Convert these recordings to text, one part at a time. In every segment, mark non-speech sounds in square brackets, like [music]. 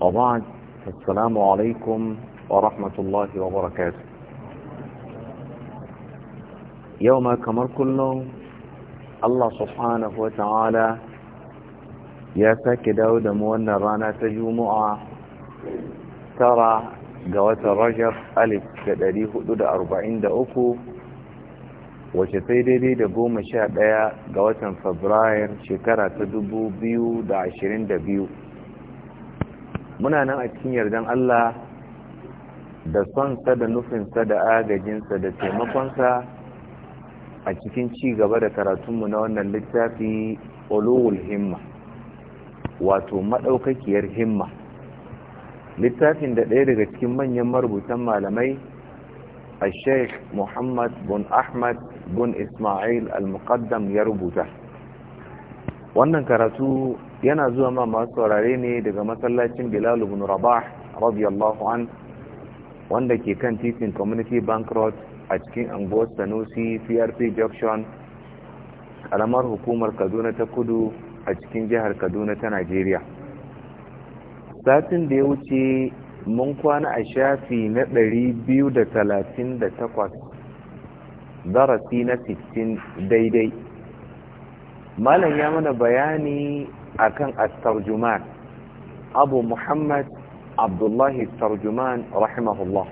وبعد السلام عليكم ورحمة الله وبركاته يوم كمر كله الله سبحانه وتعالى يا ساك داود موانا رانا تجمع ترى جوات الرجب ألف كدري حدود أربعين دقو wace دي daidai da جوات فبراير شكرا تدبو بيو دعشرين دبيو muna nan a cikin yardan Allah da sonsa da nufin sa da agajinsa da taimakonsa a cikin ci gaba da karatunmu na wannan littafi olowul himma wato maɗaukakiyar himma littafin da ɗaya daga cikin manyan marubutan malamai a sheikh muhammad bin ahmad bin ismail al-muqaddam ya rubuta wannan karatu yana zuwa ma masu saurare ne daga masallacin bilal ibn rabah radiyallahu an wanda ke kan titin community bank road a cikin anguwar sanusi crp junction karamar hukumar kaduna ta kudu a cikin jihar kaduna ta najeriya satin da ya wuce mun kwana a shafi na 238 darasi na 16 daidai malam ya mana bayani akan at-tarjuman abu muhammad abdullahi tarjuman rahimahullah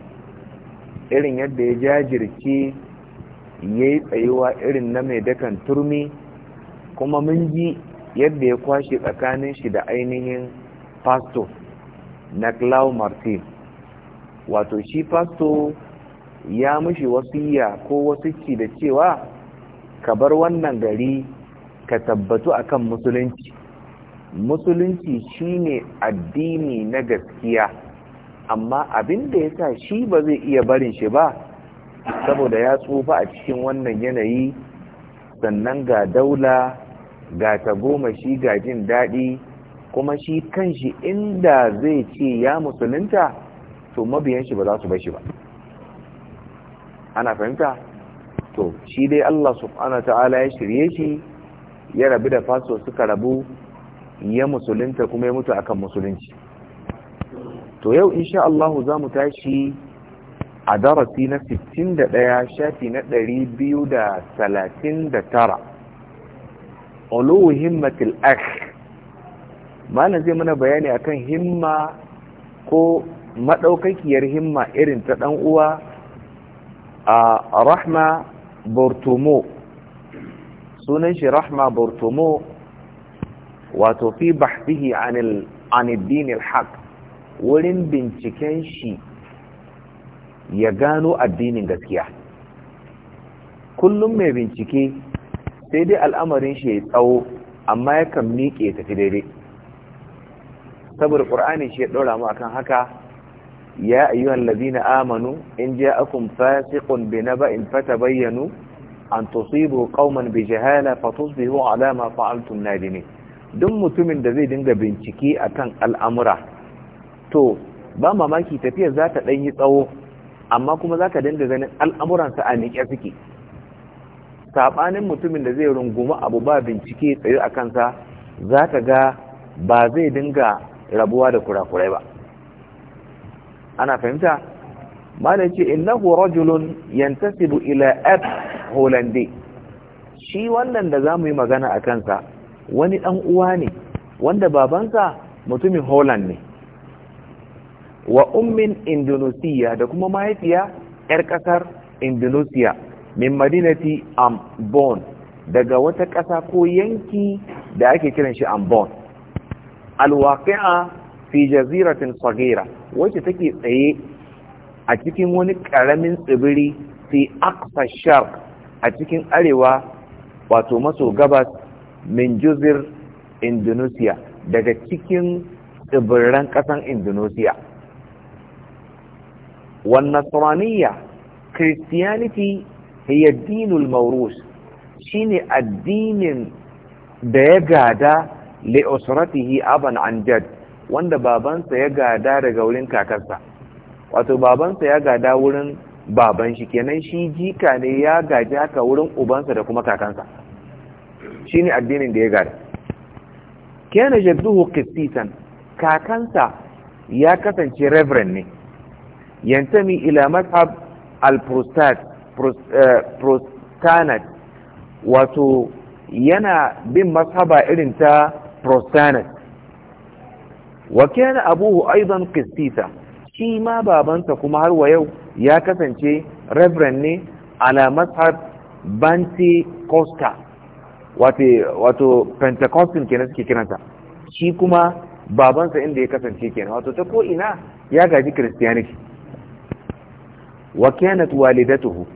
irin yadda ya jajirce ya yi tsayuwa irin na mai dakan turmi kuma mun ji yadda ya kwashe tsakanin shi da ainihin pasto na clau martin wato shi pasto ya mushi wasiya ko wasu wasicci da cewa ka bar wannan gari ka tabbatu akan musulunci musulunci shi ne addini na gaskiya amma abin da ya sa shi ba zai iya barin shi ba saboda ya tsufa a cikin wannan yanayi sannan ga daula ga shi ga jin daɗi kuma shi kanshi inda zai ce ya musulunta to mabiyan shi ba za su bashi ba ana fahimta to shi dai Allah subhanahu ta'ala ya shirye shi ya rabu da faso suka rabu ya musulunta kuma ya mutu akan musulunci to yau insha Allah za mu tashi a darasi na 61 shafi na 239 ulu himmatil akh malam zai mana bayani akan himma ko madaukakiyar himma irin ta ɗan uwa a rahma bortomo sunan shi rahma bortomo wato fi bahtihi anil aniddin alhaq wurin binciken shi ya gano addinin gaskiya kullum mai bincike sai dai al'amarin shi ya tsawo amma yakan miƙe tafi daidai saboda ƙur'ani shi ya ɗora mu akan haka ya ayyuhan ladina amanu in ja'akum fasiqun binaba'in fatabayyanu an tusibu qauman bijahala fatusbihu ala ma fa'altum nadimin duk mutumin da zai dinga bincike akan al'amura to ba mamaki tafiyar za ta ɗanyi tsawo amma kuma za ka dinga ganin al'amuransa a miƙe suke saɓanin mutumin da zai rungumi abu ba bincike tsaye a kansa za ka ga ba zai dinga rabuwa da kurakurai ba ana fahimta malai ce innahu rajulun yantasibu ila ab holande shi wannan da za mu yi magana a kansa wani ɗan uwa ne wanda babansa mutumin holland ne wa ummin indonesia da kuma mahaifiya 'yar ƙasar indonesia min madinati ambon daga wata ƙasa ko yanki da ake kiran shi ambon alwaƙi'a fi jaziratin tsagera wacce take tsaye a cikin wani ƙaramin tsibiri fi aqsa shark a cikin arewa wato maso gabas min juzir indonesia daga cikin tsibiran ƙasan indonesia christianity كريستيانيتي dinul maurus shi ne addinin da ya gada le'osratihi aban an jad wanda babansa ya gada daga wurin kakarsa wato babansa ya gada wurin baban shi kenan shi jika ne ya gaji haka wurin ubansa da kuma kakansa ne addinin da ya gada kena jadduhu qissitan kakansa ya kasance reverend ne yantami ila mazhab al-prostat eh, prostanat wato yana bin mazhaba irin ta prostanat wa kana abuhu aidan qissita shi ma babansa kuma har wa yau ya kasance reverend ne ala mazhab banti costa wato pentecostin kenan suke kiranta shi kuma babansa inda ya kasance kenan wato ta ko ya gaji christianity wa kanat walidatuhu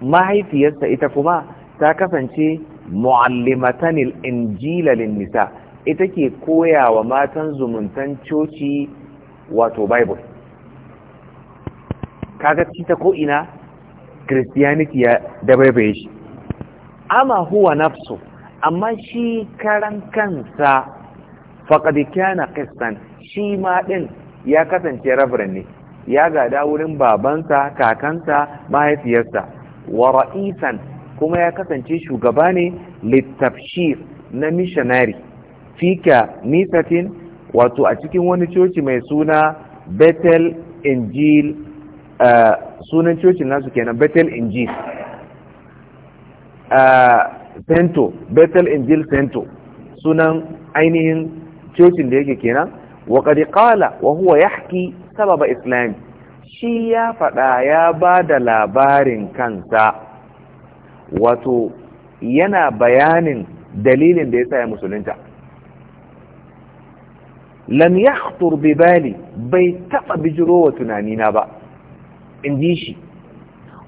mahaifiyarsa ita kuma ta kasance muallimatanil injila lin nisa ita ke koya wa matan zumuntan coci wato bible kaga ta ko ina christianity ya dabaibaye shi ama huwa nafsu amma shi karan kansa faƙad kana qistan shi ma ɗin ya kasance rabran ne ya gada wurin babansa kakansa mahaifiyarsa wa ra'isan kuma ya kasance shugaba ne littafshir na missionary fika nisatin wato a cikin wani coci mai suna betel injil eh, sunan cocin nasu kenan betel injil sento bethel injil sento sunan ainihin cocin da yake kenan wa kadi qala wa huwa yahki sababa islam shi ya faɗa ya ba da labarin kansa wato yana bayanin dalilin da ya sa ya musulunta lam yahtur bi bali bai taɓa bijiro wa tunanina ba in ji shi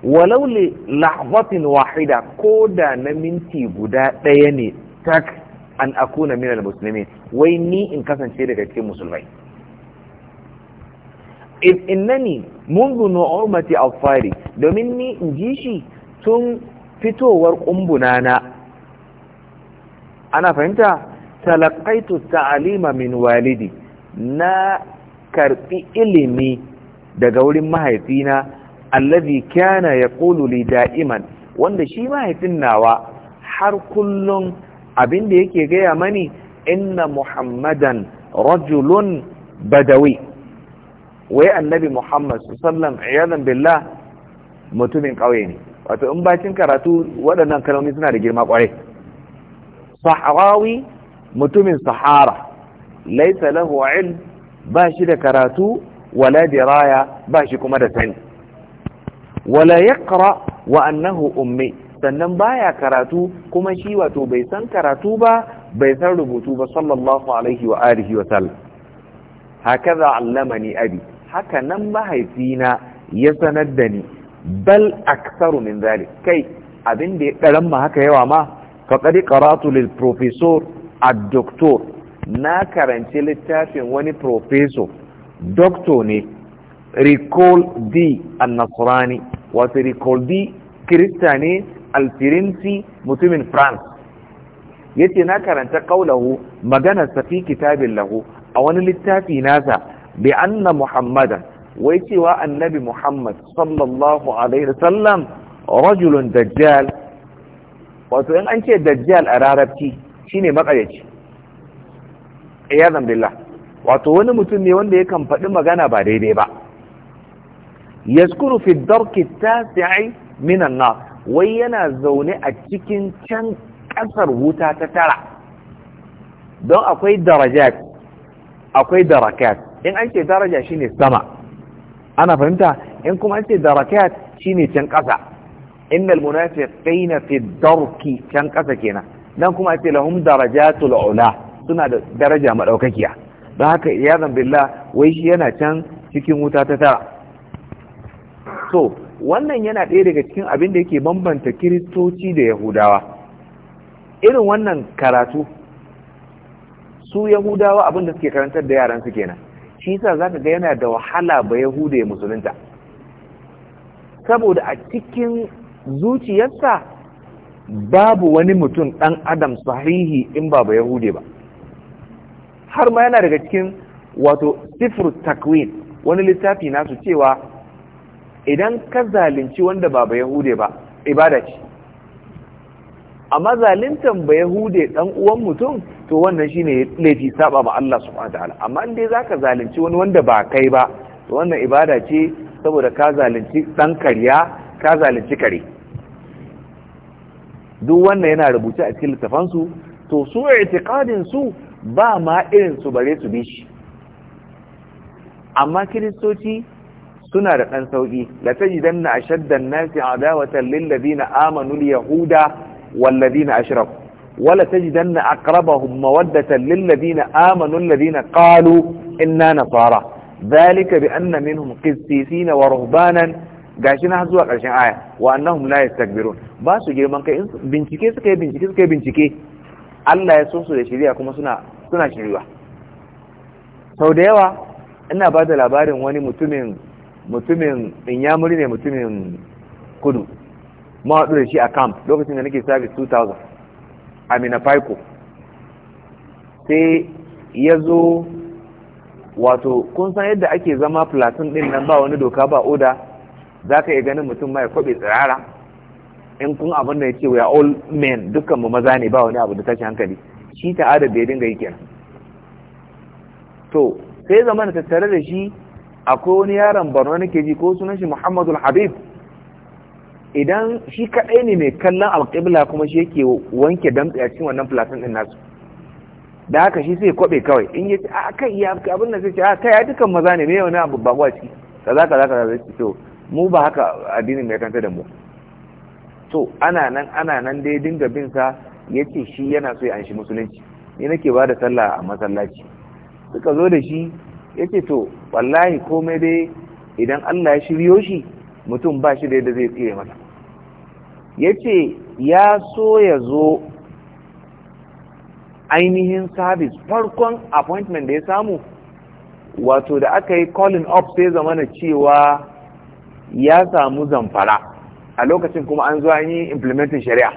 Walaule li lahzatin wahida ko da na minti guda ɗaya ne tak an akuna min al-muslimin wai ni in kasance daga cikin musulmai in innani mundu nu'umati al-fari domin ni in ji shi tun fitowar ƙumbuna na ana fahimta talaqaitu ta'alima min walidi na karbi ilimi daga wurin mahaifina allazi kana yaqulu li da'iman wanda shi mahaifin nawa har kullum abin da yake gaya mani inna muhammadan rajulun badawi wai annabi muhammad sallam iyadan billah mutumin ƙauye ne wato in bacin karatu waɗannan kalmomi suna da girma ƙwarai saharawi mutumin sahara laisa lahu ilm da karatu wala diraya ba shi kuma da sani wala ƙara wa annahu ummi sannan baya karatu kuma shi wato bai san karatu ba bai san rubutu ba sallallahu alaihi wa alihi wa sallam hakaza allamani abi haka nan mahaifina ya sanar da ni bal aksaru min kai abin da ya ɗaran ma haka yawa ma faƙari karatu lil professor a doctor na karanci littafin wani professor doctor ne recall thee al-nasrani wato recall thee kirista ne alfirinsi mutumin france yace na karanta kaulahu magana safi kitabin lahu a wani littafi nasa bi anna muhammadan wai cewa annabi muhammad sallallahu alaihi wasallam rajulun dajjal wato in an ce dajjal a rarabci shine makayaci iyadan billah wato wani mutum ne wanda yakan faɗi magana ba daidai ba yaskuru fi darki tasi'i minan nar wai yana zaune a cikin can kasar wuta ta tara don akwai darajat akwai darakat in an ce daraja shine sama ana fahimta in kuma an ce darakat shine can kasa innal munafiqina fi darki can kasa kenan dan kuma ce lahum darajatul ula suna da daraja madaukakiya don haka ya billah wai shi yana can cikin wuta ta tara So, wannan yana ɗaya daga cikin abin da yake bambanta kiristoci da yahudawa irin wannan karatu su yahudawa abin da suke karantar da yaran su kenan shi yasa zaka ga yana da wahala ba yahuda ya musulunta saboda a cikin zuciyarsa babu wani mutum ɗan adam sahihi in ba ba yahude ba har ma yana daga cikin wato sifru takwin wani littafi nasu cewa idan ka zalunci wanda ba yahude ba ibada ce amma zaluntan ba yahude dan uwan mutum to wannan shine laifi saba ma Allah subhanahu wataala amma in zaka zalunci wani wanda ba kai ba to wannan ibada ce saboda ka zalunci dan kariya ka zalunci kare duk wannan yana rubuce a cikin littafansu to su i'tiqadin su ba ma irin su bare su bi shi amma kiristoci suna da ɗan sauƙi la tajidanna ashaddan nasi adawatan lil ladina amanu al yahuda wal ladina ashraku wala tajidanna aqrabahum mawaddatan lil ladina amanu alladhina qalu inna nasara dhalika bi anna minhum qissisina wa ruhbanan gashi na zuwa ƙarshen aya wa annahum la yastakbirun ba su girman kai bincike suka yi bincike suka yi bincike Allah ya so su da shiriya kuma suna suna sau da yawa ina ba da labarin wani mutumin mutumin inyamuri ne mutumin kudu ma haɗu da shi a camp lokacin da nake service 2000 a minafaiko sai ya zo wato kun san yadda ake zama platin ɗin nan ba wani doka ba oda za ka iya ganin mutum mai kwabe tsirara in kun abin da ya ce we are all men dukkan mu maza ne ba wani abu da tashi hankali shi ta'adar da ya dinga yi kenan to sai zama da tattare da shi akwai wani yaron barna nake ji ko sunan shi muhammadul habib idan shi kadai ne mai kallon alƙibla kuma shi yake wanke damtse a cikin wannan filatin ɗin nasu da haka shi sai kwabe kawai in ya ce a kai ya abin da sai ce a kai ya dukan maza ne mai wani abu ba ciki kaza kaza kaza za to mu ba haka addinin mai kanta da mu to ana nan ana nan dai dinga bin sa ya ce shi yana so ya anshi musulunci ni nake ba da sallah a masallaci suka zo da shi yace to wallahi komai dai idan Allah ya shiryo shi mutum ba shi da zai tsire masa yace ya so ya zo ainihin sabis farkon appointment da ya samu wato da aka yi calling up sai zamana cewa ya samu zamfara a lokacin kuma an zo an yi implementing shari'a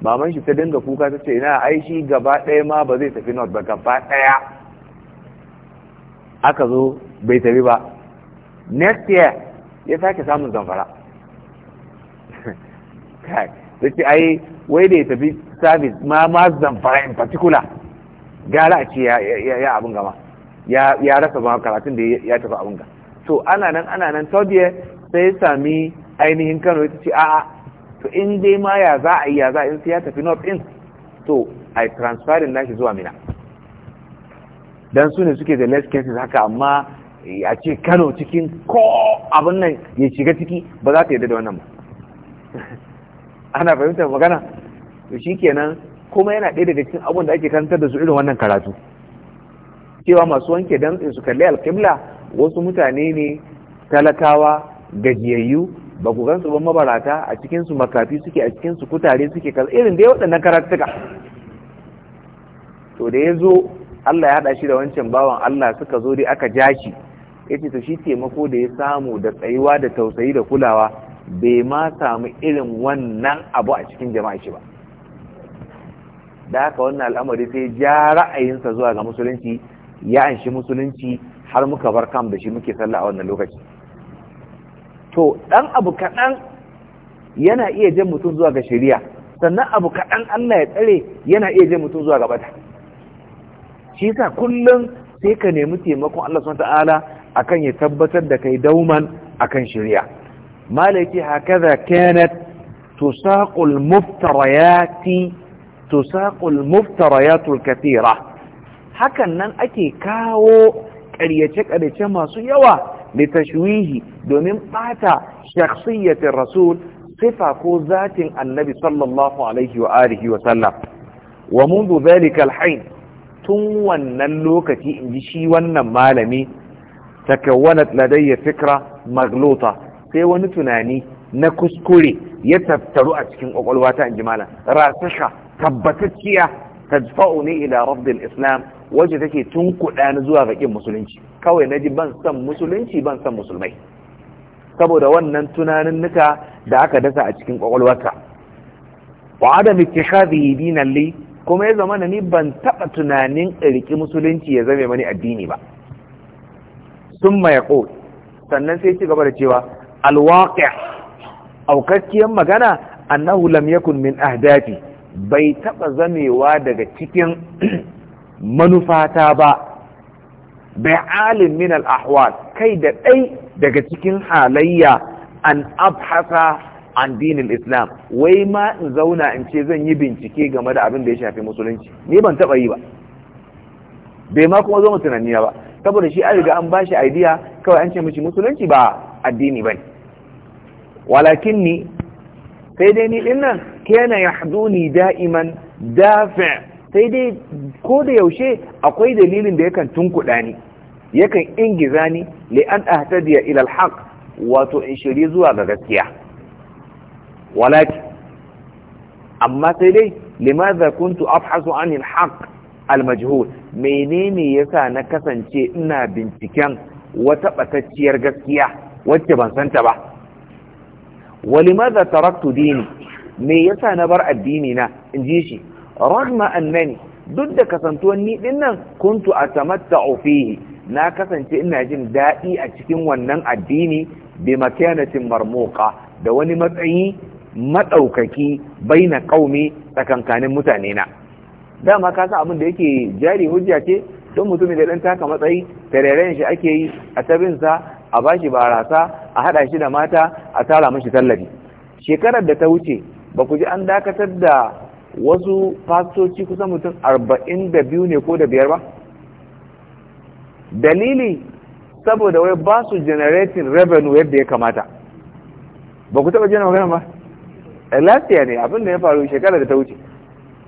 maman shi ta dinga kuka ta ce ina Aishi gaba ɗaya ma ba zai tafi north ba gaba ɗaya aka zo bai tafi ba next year ya sake samun zamfara da [laughs] ce ai wai da ya tafi service ma ma zamfara in particular gara a ce ya abin gama ya rasa ma karatun da ya tafi abin ga to ana nan ana nan third year sai ya sami ainihin kano ya ce a'a to in dai ma ya za a yi ya za a yi sai ya tafi north in to a transferin nashi zuwa mina dan su ne suke da less cases haka amma a ce kano cikin ko abin nan ya shiga ciki ba za ta yi da wannan ba [laughs] ana fahimtar magana to shi kenan kuma yana ɗaya daga cikin abin da ake karantar da su irin wannan karatu cewa masu wanke dantsin su kalli alkimla wasu mutane ne talakawa gajiyayyu ba ku gansu ba mabarata a cikin makafi suke a cikin kutare suke kaza irin dai waɗannan karatuka to da ya zo Allah ya haɗa shi da wancan bawan Allah suka zo dai aka ja shi yace to shi taimako da ya samu da tsayuwa da tausayi da kulawa bai ma samu irin wannan abu a cikin jama'a shi ba da haka wannan al'amari sai ja ra'ayinsa zuwa ga musulunci ya anshi musulunci har muka bar kam da shi muke sallah a wannan lokaci to dan abu kaɗan yana iya jan mutum zuwa ga shari'a sannan abu kaɗan Allah ya tsare yana iya jan mutum zuwa ga bata shi yasa kullum sai ka nemi taimakon Allah subhanahu ta'ala akan ya tabbatar da kai dauman akan shari'a malaki hakaza kanat tusaqul muftarayati tusaqul muftarayatul kathira hakan nan ake kawo ƙaryace-ƙaryace masu yawa da tashwihi domin ɓata shakhsiyyatin rasul sifa ko zatin annabi sallallahu alaihi wa alihi wa sallam wa tun wannan lokaci in ji shi wannan malami takawanat ladayya fikra maglota sai wani tunani na kuskure ya tattaru a cikin kwakwalwata in ji malam rasasha tabbatacciya ne ila rabbil islam wacce take tunkuɗa ni zuwa ga kin musulunci kawai na ji ban san musulunci ban san musulmai saboda wannan tunanin nuka da aka dasa a cikin kwakwalwarta. wa adam ittikhadhi dinan li kuma ya zama ni ban taɓa tunanin riki musulunci ya zame mani addini ba sun ya sannan sai ci gaba da cewa alwaƙi aukakkiyar magana annahu lam yakun min ahdafi bai taɓa zamewa daga cikin [clears throat] manufata ba bai alin min al'ahwal kai da ɗai daga cikin halayya an abhasa an dinin islam wai ma in zauna in ce zan yi bincike game da abin da ya shafi musulunci ni ban taba yi ba bai ma kuma zo tunani ba saboda shi an riga an bashi idea kawai an ce mishi musulunci ba addini bane walakin ni sai dai ni dinnan kana yahduni da'iman dafi sai dai ko da yaushe akwai dalilin da yakan tunkuɗa ni yakan ingiza ni li an ahtadiya ila alhaq wato in shiri zuwa ga gaskiya walakin amma sai dai limaza kuntu abhasu anil haqq al majhul menene yasa na kasance ina binciken wata batacciyar gaskiya wacce ban ta ba walimaza taraktu dini me yasa na bar addini na inji shi ragma annani duk da kasantoni dinnan, kuntu a kuntu atamatta'u fihi na kasance ina jin daɗi a cikin wannan addini bi makanatin marmuka, da wani matsayi maɗaukaki bai na ƙaumi tsakankanin mutane na dama ka san abin da yake jari hujja ce don mutumin da ɗan taka matsayi tarerayen shi ake yi a tabinsa a bashi barasa a haɗa shi da mata a tara mashi tallafi shekarar da ta wuce ba ku ji an dakatar da wasu fastoci kusan mutum arba'in da biyu ne ko da biyar ba dalili saboda wai ba su generating revenue yadda ya kamata ba ku taɓa jina magana ba Eh, lafiya ne abin da ya faru shekarar da ta wuce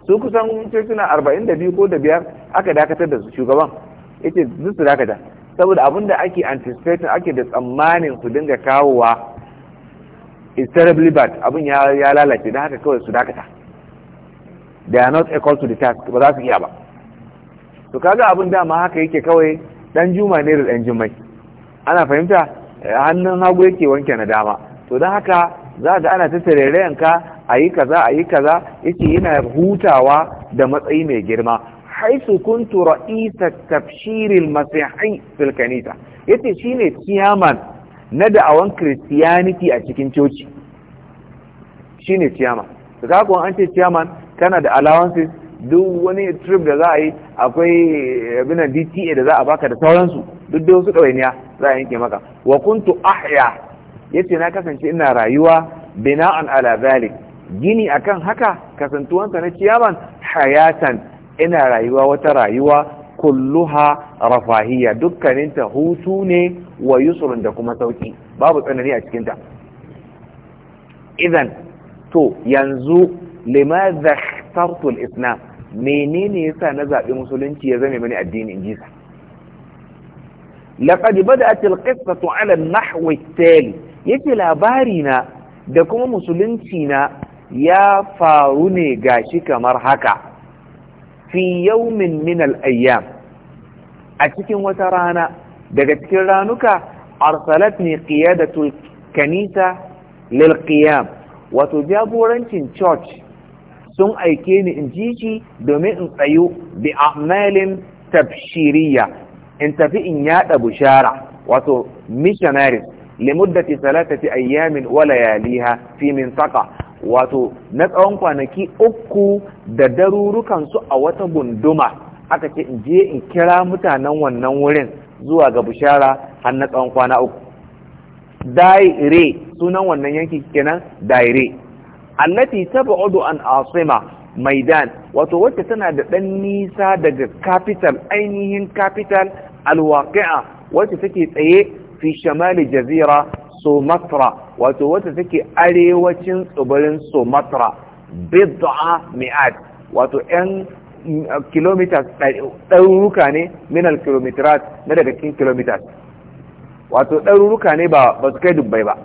su kusan cocina arba'in da biyu ko da biyar aka dakatar da shugaban yace duk su dakata saboda abin da ake anticipating ake da tsammanin su dinga kawowa is terribly bad abin ya lalace don haka kawai su dakata they are not equal to the task ba za su iya ba to kaga abin dama haka yake kawai dan juma ne da dan jimai ana fahimta eh, hannun hagu yake wanke na dama to don haka za ga ana ta tarerayen ka a yi kaza a yi kaza yake yana hutawa da matsayi mai girma haisu kuntu ra'isa tafshirin masihai fil kanisa yace shine chairman na da'awan christianity a cikin coci shine chairman. to kaga an ce chairman kana da allowances duk wani trip da za a yi akwai abinan DTA da za a baka da sauransu duk da wasu ɗawainiya za a yanke maka wa kuntu ahya yace na kasance ina rayuwa bina'an ala zalik gini akan haka kasantuwansa na ciyaman hayatan ina rayuwa wata rayuwa kulluha rafahiya dukkaninta hutu ne wa yusrun da kuma sauki babu tsanani a cikinta idan to yanzu limadha ikhtartu al-islam menene yasa na zabi musulunci ya zame mani addini in jisa laqad bada'at al-qissatu ala an yace labari na da kuma musulunci na ya faru ne gashi kamar haka fi yaumin min al-ayyam a cikin wata rana daga cikin ranuka arsalat ne qiyadatul kanisa lil qiyam wato jagorancin church sun aike ni in ji shi domin in tsayo bi a'malin tabshiriya in tafi in yada bushara wato missionaries limuddati salatati ayyamin wa layaliha fi mintaqa wato na tsawon kwanaki uku da darurukan su a wata gunduma aka ce in je in kira mutanen wannan wurin zuwa ga bishara har na tsawon kwana uku daire sunan wannan yanki kenan daire allati tab'udu an asima maidan wato wacce tana da ɗan nisa daga capital ainihin capital alwaqi'a wacce take tsaye fi shamali jazira sumatra wato wata take arewacin tsibirin sumatra bid'a mi'ad wato yan mm, kilometers ɗaruruka ne minal kilometers na daga kin kilometers wato ɗaruruka ne ba su kai dubbai ba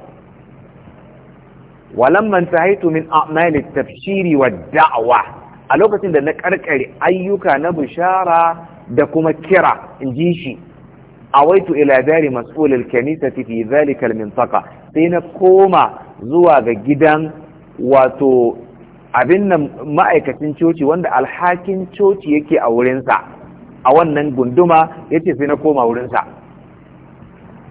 walamma intahaitu min a'mali tafshiri wa da'wa a lokacin da na ƙarƙare ayyuka na bishara da kuma kira in ji shi awaitu ila dari mas'ulil kanisati fi zalikal mintaqa sai na koma zuwa ga gidan wato abin nan ma'aikacin coci wanda alhakin coci yake a wurinsa a wannan gunduma yace sai na koma wurinsa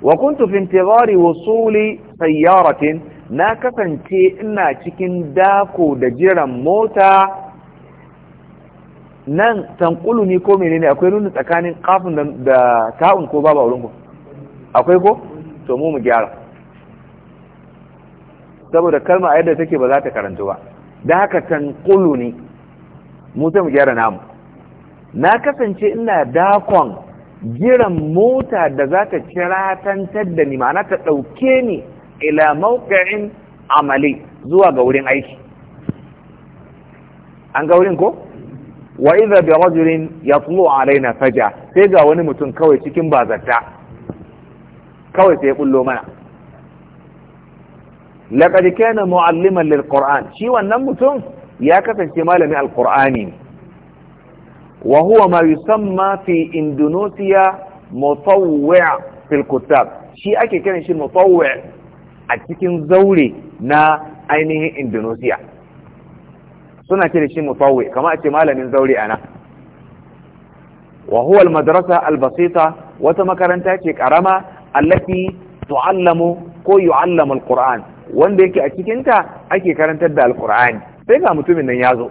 wa kuntu fi intighari wusuli sayyaratin na kasance ina cikin dako da jiran mota nan tankulu ni ko menene akwai nuna tsakanin kafin da ta'un ko babu wurin ku akwai ko to mu mu gyara saboda kalma a yadda take ba za ta karantu ba da haka tankulu ni mu sai mu gyara namu na kasance ina dakon giran mota da za ta kiratantar da ni ma'ana ta ɗauke ni ila mawqa'in amali zuwa ga wurin aiki an ga wurin ko wa idza bi rajulin yatlu alaina faja sai ga wani mutum kawai cikin bazata kawai sai ya bullo mana laqad kana mualliman lilqur'an shi wannan mutum ya kasance malami alqur'ani wa huwa ma yusamma fi indonesia mutawwi' fil shi ake kiran shi mutawwi' a cikin zaure na ainihin indonesia suna ce da shi mufawwi kama a ce malamin zaure ana wa huwa al-madrasa al wata makaranta ce karama allati tu'allamu ko yu'allamu al wanda yake a cikin ta ake karantar da al sai ga mutumin nan yazo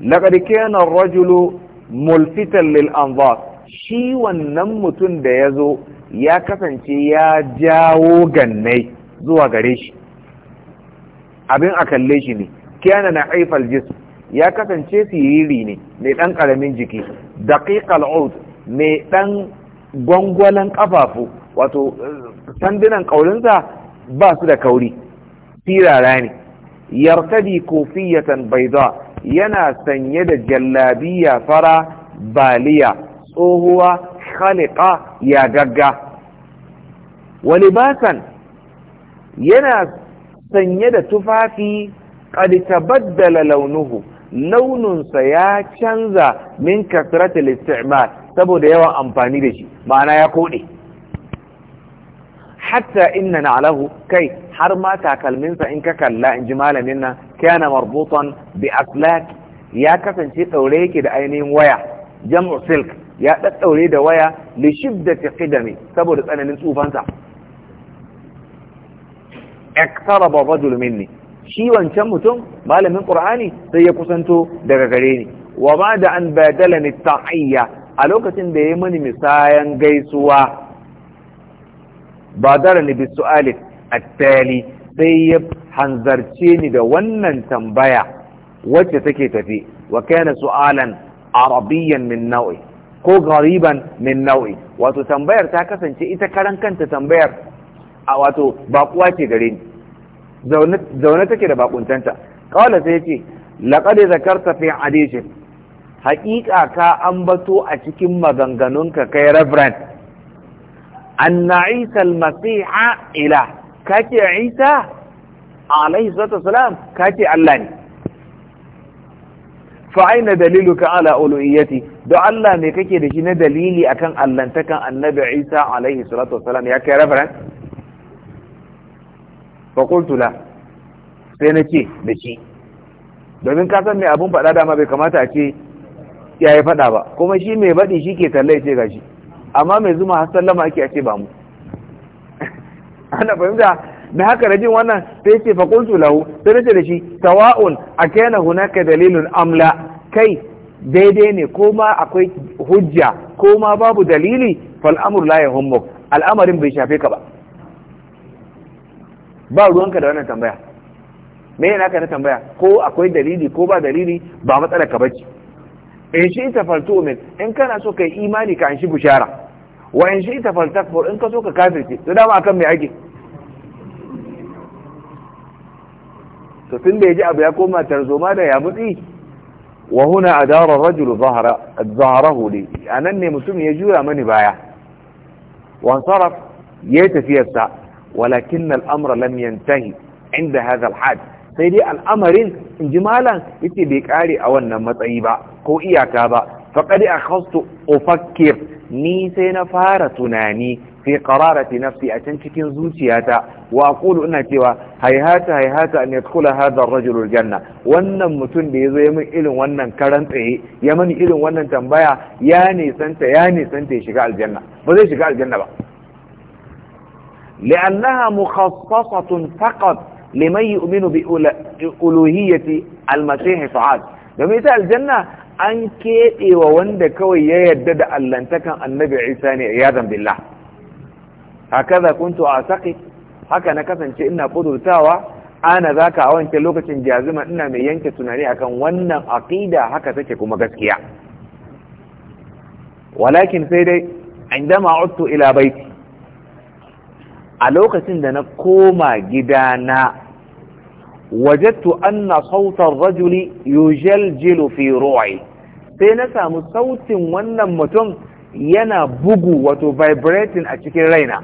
laqad kana ar-rajulu mulfitan lil anzar shi wannan mutum da yazo ya kasance ya jawo gannai zuwa gare shi abin a kalle shi ne kana na haifar jism ya kasance siriri ne mai ɗan ƙaramin jiki daqiqal ud mai ɗan gwangwalan ƙafafu wato sandunan ƙaurinsa ba su da kauri firara ne yartadi kofiyatan za yana sanye da jallabiya fara baliya tsohuwa khaliqa ya gagga walibasan yana sanye da tufafi qad tabaddala launuhu launinsa ya canza min kasratil isti'mal saboda yawan amfani da shi ma'ana ya kode hatta inna na'lahu kai har ma takalminsa in ka kalla in ji malamin nan kana marbutan bi aslak ya kasance daure yake da ainihin waya jam'u silk ya daddaure da waya li shiddati qidami saboda tsananin tsufansa اقترب رجل مني shi wancan mutum malamin qur'ani sai ya kusanto daga gare ni wa ba da an badalani ta'ayya a lokacin da ya mani misayan gaisuwa badarani bi su'ali at-tali sai ya hanzarce ni da wannan tambaya wacce take tafi wa kana su'alan arabiyyan min nau'i ko gariban min nau'i wato tambayar ta kasance ita karan kanta tambayar a wato bakuwa ce gare ni zaune take da bakuntanta kawai sai ce laƙade zakarta fi adishin. haƙiƙa ka bato a cikin maganganunka kai reverend an na isa almasiha ila kake isa alaihi salatu wasalam kake allah ne dalilu daliluka ala uluhiyyati don allah ne kake da shi na dalili akan allantakan annabi isa alaihi salatu wasalam ya kai reverend fa sai na ce da shi domin ka san mai abun faɗa dama bai kamata a ce ya yi faɗa ba kuma shi mai baɗi shi ke talla ya ce shi amma mai zuma har sallama ake a ce ba mu [laughs] ana fahimta da haka da jin wannan sai ce fa lahu sai na ce da shi sawa'un akana hunaka dalilun amla kai daidai ne ko ma akwai hujja ko ma babu dalili fal'amur amru la yahummuk al'amarin bai shafe ka ba ba ruwanka da wannan tambaya me yana ka na tambaya ko akwai dalili ko ba dalili ba matsala ka bace in shi ita faltu min in kana so kai imani ka an shi bushara wa in shi ita ko in ka so ka kafirce to dama akan me ake to tun da ya abu ya koma tarzoma da ya mutsi wa huna adara rajul zaharahu li anan ne mutum ya jura mani baya Wansaraf yayi ya tafiyarsa walakin al'amura lam yantahi inda hadha al-had sai dai al'amarin in ji malam yace bai kare a wannan matsayi ba ko iyaka ba faqad akhastu ufakkir ni sai na fara tunani fi qararati nafsi a can cikin zuciyata wa aqulu ina cewa hayhata hayhata an yadkhula hadha ar-rajul al-janna wannan mutum da yazo ya min irin wannan karan tsaye ya mani irin wannan tambaya ya nisanta ya nisanta ya shiga aljanna ba zai shiga aljanna ba لأنها مخصصة فقط لمن يؤمن بألوهية المسيح فعاد domin ita aljanna an keɓe wanda kawai ya yarda da allantakan annabi isa ne ya zambilla hakaza kuntu a saƙi haka na kasance ina kudurtawa ana za ka a wanke lokacin jazima ina mai yanke tunani akan wannan aƙida haka take kuma gaskiya walakin sai dai indama uttu ila baiti a lokacin da na koma gidana wajattu anna sautar rajuli yujaljilu fi ru'i sai na samu sautin wannan mutum yana bugu wato vibrating a cikin raina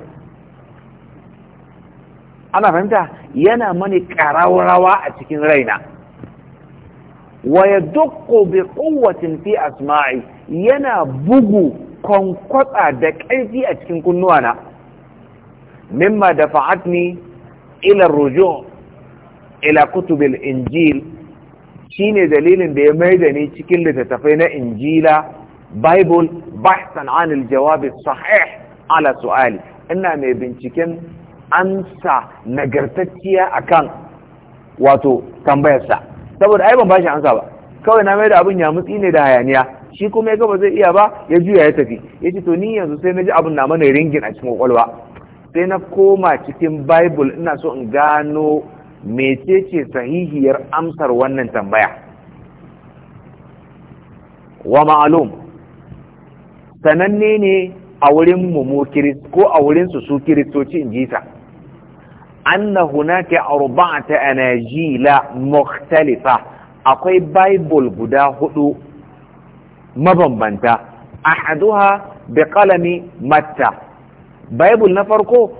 ana fahimta yana mani ƙararrawa a cikin raina waya dukko bi kowatin fi asma'i yana bugu kwankwatsa da ƙarfi a cikin kunnuwana mimma dafa'atni ila ruju' ila kutubil injil shine dalilin da ya maida ni cikin littattafai na injila bible bahsan an aljawab sahih ala su'ali ina mai binciken ansa nagartacciya akan wato tambayarsa saboda ai ban bashi ansa ba kawai na mai da abin ya mutsi ne da hayaniya shi kuma ya gaba zai iya ba ya juya ya tafi ya ce to ni yanzu sai na ji abin na mana ringin a cikin kwakwalwa sai na koma cikin bible ina so in gano mecece sahihiyar amsar wannan tambaya wa ma'alum sananne ne a wurin mu ko a wurin su su kiristoci in jisa anna hunaka arba'ata anajila mukhtalifa akwai bible guda hudu mabambanta ahaduha bi matta Bible na farko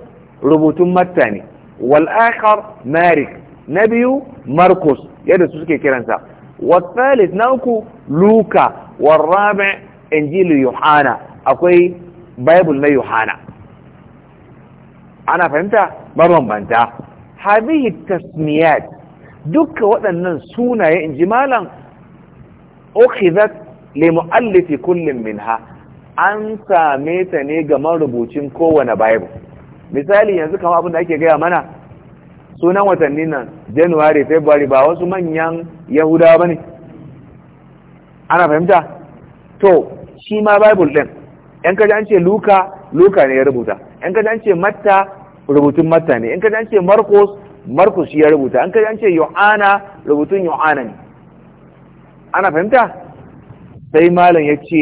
rubutun matani, ne wal'akar marik na biyu marcus yadda su suke kiransa wasfalis naku luka warrabe injili yohana akwai Bible na yohana ana fahimta mabambanta habihi tasmiyat duka waɗannan sunaye injimalan ukhidhat li mu'allifi kullin minha an same ta ne ga marubucin kowane bible misali yanzu kama abin da ake gaya mana sunan watanni nan january february ba wasu manyan yahudawa ba ne ana fahimta to shi ma bible ɗin yan kaji an ce luka luka ne ya rubuta yan kaji an ce matta rubutun matta ne yan kaji an ce marcos marcos shi ya rubuta yan kaji an ce yohana rubutun yohana ne ana fahimta sai malam ya ce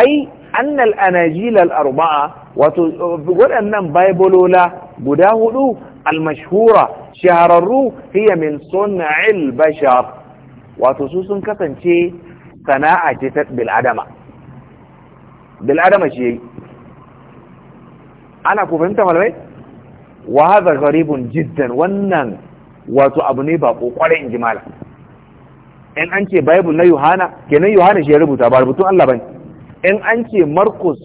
ai annal anajil al-arba'a wato waɗannan baibulola guda hudu al-mashhura shahararru hiya min sun'il bashar wato su sun kasance sana'a ce ta bil'adama bil'adama ce yayi ana ku fahimta malamai wa hadha gharibun jiddan wannan wato abu ne ba kokore in ji malam in an ce bible na yohana kenan yohana shi ya rubuta ba rubutun Allah bane in an ce markus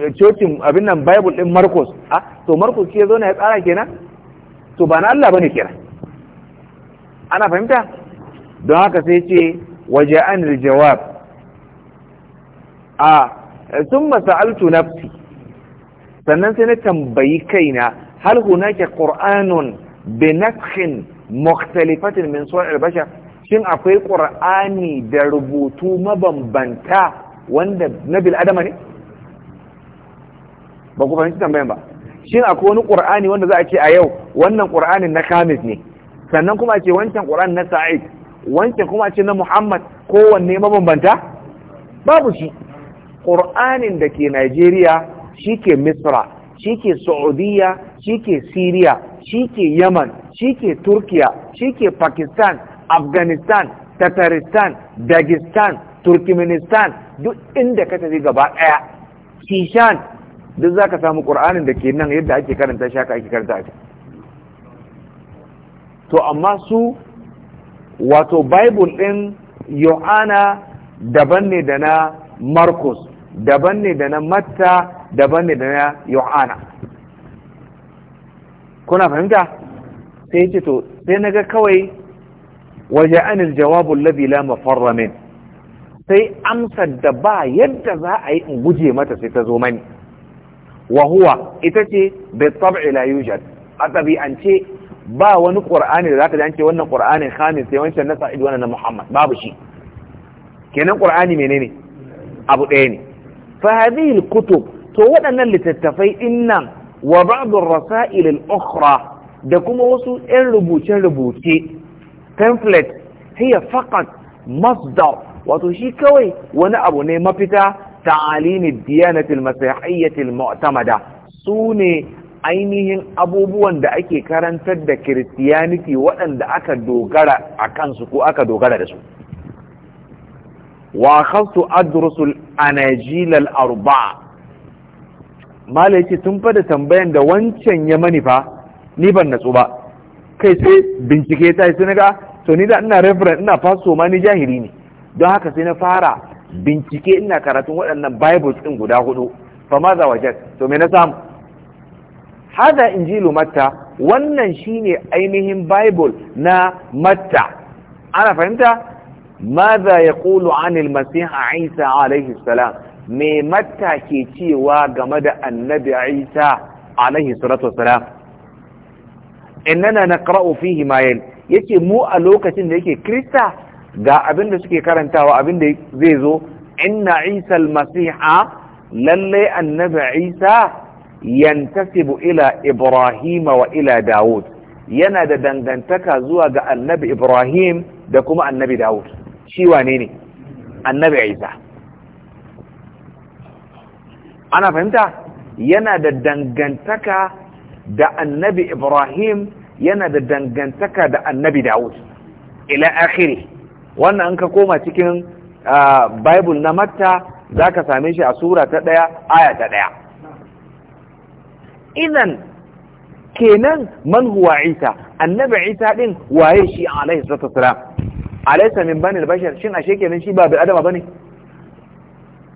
eh, cocin abin nan bible din markus a ah, to markus ke zo na ya tsara kenan to ba na Allah bane kenan ana fahimta don haka sai ce waje an jawab a eh, sun masa'altu nafsi sannan sai na tambayi kaina hal hunaka qur'anun bi nafsin mukhtalifatin min su'il bashar shin akwai qur'ani da rubutu mabambanta wanda na bil ne ba ku fahimci tambayan ba shin akwai wani ƙur'ani wanda za a ce a yau wannan ƙur'anin na kamis ne sannan kuma a ce wancan qur'an na sa'id wancan kuma a ce na muhammad kowanne mabambanta babu shi qur'anin da ke najeriya shi ke misra shi ke saudiya shi ke siriya shi ke yaman shi ke turkiya shi ke pakistan afghanistan tataristan dagestan turkmenistan duk inda ka tafi gaba ɗaya kishan duk za ka samu ƙur'anin da ke nan yadda ake karanta shi haka ake karanta ake to amma su wato bible ɗin yohana daban ne da na marcus daban ne da na matta daban ne da na yohana kuna fahimta sai ce to sai na ga kawai waje anil jawabun labi la mafarra sai amsar da ba yadda za a yi in guje mata sai ta zo mani wa huwa ita ce bai la yujad a tabi'ance ba wani qur'ani da zata ji ce wannan qur'anin khamis sai wancan na sa'id wannan na muhammad babu shi kenan qur'ani menene abu ɗaya ne fa hadhihi kutub to waɗannan littattafai dinnan wa ba'd ar-rasail al-ukhra da kuma wasu 'yan rubuce-rubuce template hiya faqat masdar wato shi kawai wani abu ne mafita ta'alimi diyanatul masihiyyatil mu'tamada su ne ainihin abubuwan da ake karantar da kiristiyaniti waɗanda aka dogara a kansu ko aka dogara da su wa khastu adrusul anajil al arba malaiki yace tun fa da tambayan da wancan ya fa ni ban natsu ba kai sai bincike ta sai naga to ni da ina reference ina faso ma ni jahili ne don haka sai na fara bincike ina karatun waɗannan bibles ɗin guda hudu fa ma za wajen to me na samu hada injilu matta wannan shine ainihin bible na matta ana fahimta ماذا يقول عن المسيح عيسى عليه السلام me matta ke cewa game da annabi Isa alaihi salatu wassalam innana naqra'u fihi ma yal yake mu a lokacin da yake Kirista? ga abin da suke karantawa abin da zai zo inna isa masiha lalle annabi isa yantasibu ila ibrahima wa ila dawud yana da dangantaka zuwa ga annabi ibrahim da kuma annabi dawud shi wane ne annabi isa ana fahimta yana da dangantaka da annabi ibrahim yana da dangantaka da annabi dawud ila akhiri wannan an ka koma cikin bible na matta za ka same shi a sura ta ɗaya aya ta ɗaya idan kenan man huwa isa annabi isa ɗin waye shi alaihi salatu wasalam alaysa min bani bashar shin ashe kenan shi ba bil adama bane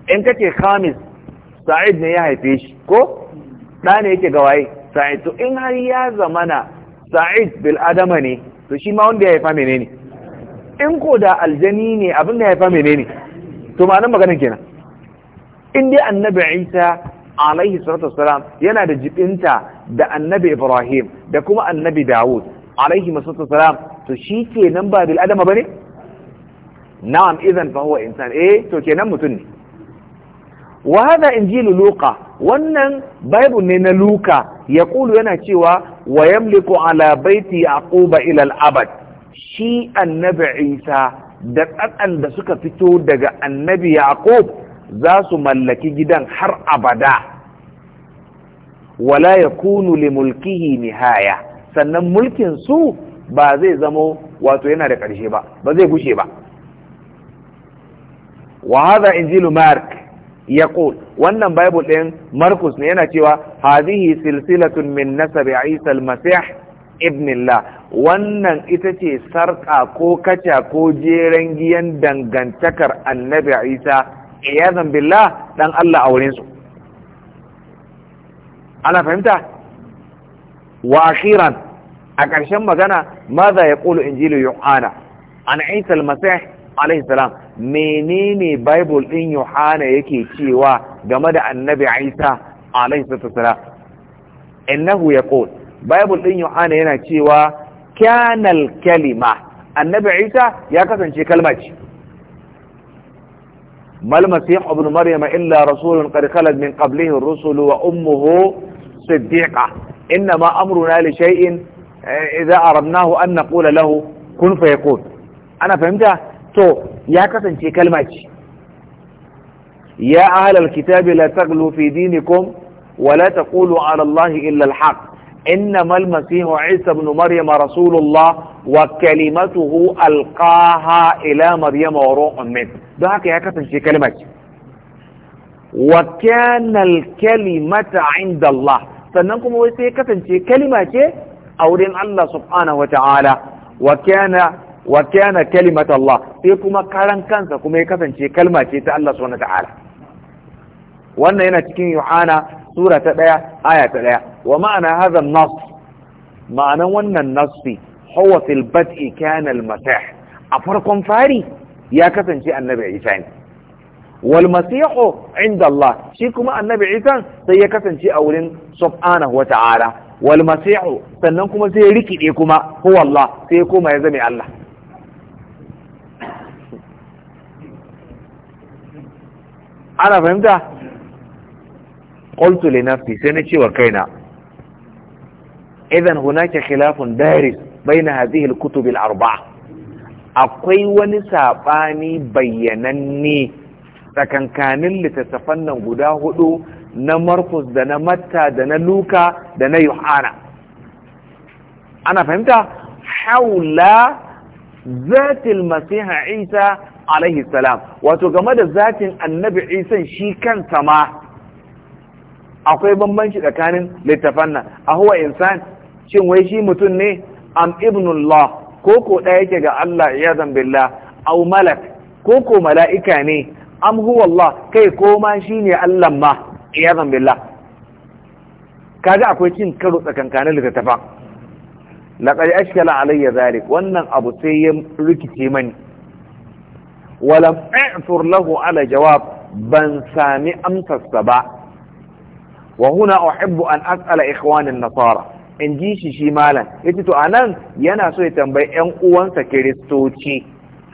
in kace khamis sa'id ne ya haife shi ko da ne yake ga waye sa'id to in har ya zamana sa'id bil adama ne to shi ma wanda ya haifa menene in ko da aljani ne abin da ya fa menene to ma'anar maganin kenan in dai annabi Isa alaihi salatu wassalam yana da jibinta da annabi Ibrahim da kuma annabi Dawud alaihi salatu wassalam to shi ke nan ba bil adama bane na'am idan fa huwa insan eh to kenan mutum ne wa hada injilu luka, wannan bible ne na luka yaqulu yana cewa wa yamliku ala baiti yaquba ila al abad shi annabi isa da ƙasan da suka fito daga annabi yaqub za su mallaki gidan har abada wala yakunu li mulkihi nihaya sannan mulkin su ba zai zamo wato yana da ƙarshe ba ba zai gushe ba wa hadha injilu mark yaqul wannan bible ɗin markus ne yana cewa hadihi silsilatun min nasab isa al-masih ibn Allah wannan ita ce sarƙa ko kaca ko jeren giyan dangantakar annabi isa iyazan billah dan Allah a wurinsu ana fahimta wa akhiran a ƙarshen magana maza ya ƙulu injilu yohana an isa al-masih alaihi salam menene bible ɗin yohana yake cewa game da annabi isa alaihi salam innahu ya bible ɗin yohana yana cewa kanal kalima annabi isa ya kasance kalma ce mal masih ibn maryam illa rasulun qad khalat min qablihi ar-rusulu wa ummuhu siddiqa inma amruna li shay'in idza aradnahu an naqula lahu kun fayakun ana fahimta to ya kasance kalma ce ya ahlal kitabi la taghlu fi dinikum wa la taqulu ala allahi illa al-haqq إنما المسيح عيسى بن مريم رسول الله وكلمته ألقاها إلى مريم وروح منه ده هكي هكذا في كلمة وكان الكلمة عند الله فننكم ويسي كتنشي كلمة أورين الله سبحانه وتعالى وكان وكان كلمة الله فيكما كلام كانت كما يكتنشي كلمة الله سبحانه وتعالى وأن هنا تكين يوحنا sura ta ɗaya aya ta ɗaya wa ma'ana hadha nas ma'anan wannan nasi huwa fil bad'i kana al masih a farkon fari ya kasance annabi Isa ne wal inda Allah shi kuma annabi Isa sai ya kasance a wurin subhanahu wa ta'ala wal masihu sannan kuma sai ya rikide kuma huwa Allah sai ya koma ya zame Allah ana fahimta qultu li nafsi sai na cewa kaina idan hunaka khilafun daris baina hadhihi al-kutub arbaa akwai wani saɓani bayyananne tsakankanin littattafan nan guda hudu na Markus da na Matta da na Luka da na Yohana ana fahimta haula zatin, masiha Isa alaihi salam wato game da zatin annabi Isa shi kan sama. akwai bambanci tsakanin littafan nan a huwa insan shin wai shi mutum ne am ibnullah ko ko yake ga Allah ya zambilla au malak ko ko mala'ika ne am huwa Allah kai ko ma shi ne Allah ma ya zambilla kaga akwai cin karo tsakankanin littattafan laqad ashkala alayya zalik wannan abu sai ya rikice mani walam a'thur lahu ala jawab ban sami amsarsa ba wa huna uhibbu an as'ala ikhwanin nasara in ji shi shi malam yace anan yana so ya tambayi yan uwansa kiristoci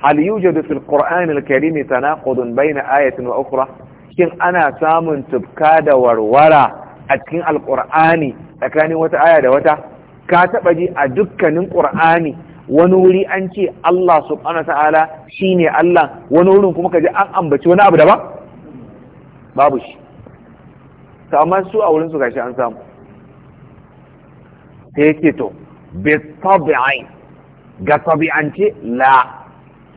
hal yujadu fil qur'an al karim tanaqudun bayna ayatin wa shin ana samun tubka da warwara a cikin alqur'ani tsakanin wata aya da wata ka taba ji a dukkanin ƙur'ani, wani wuri an ce Allah subhanahu wa ta'ala shine Allah wani wurin kuma ka ji an ambaci wani abu daban babu shi to amma su a wurin su gashi an samu sai yake to bi ga tabi'ance la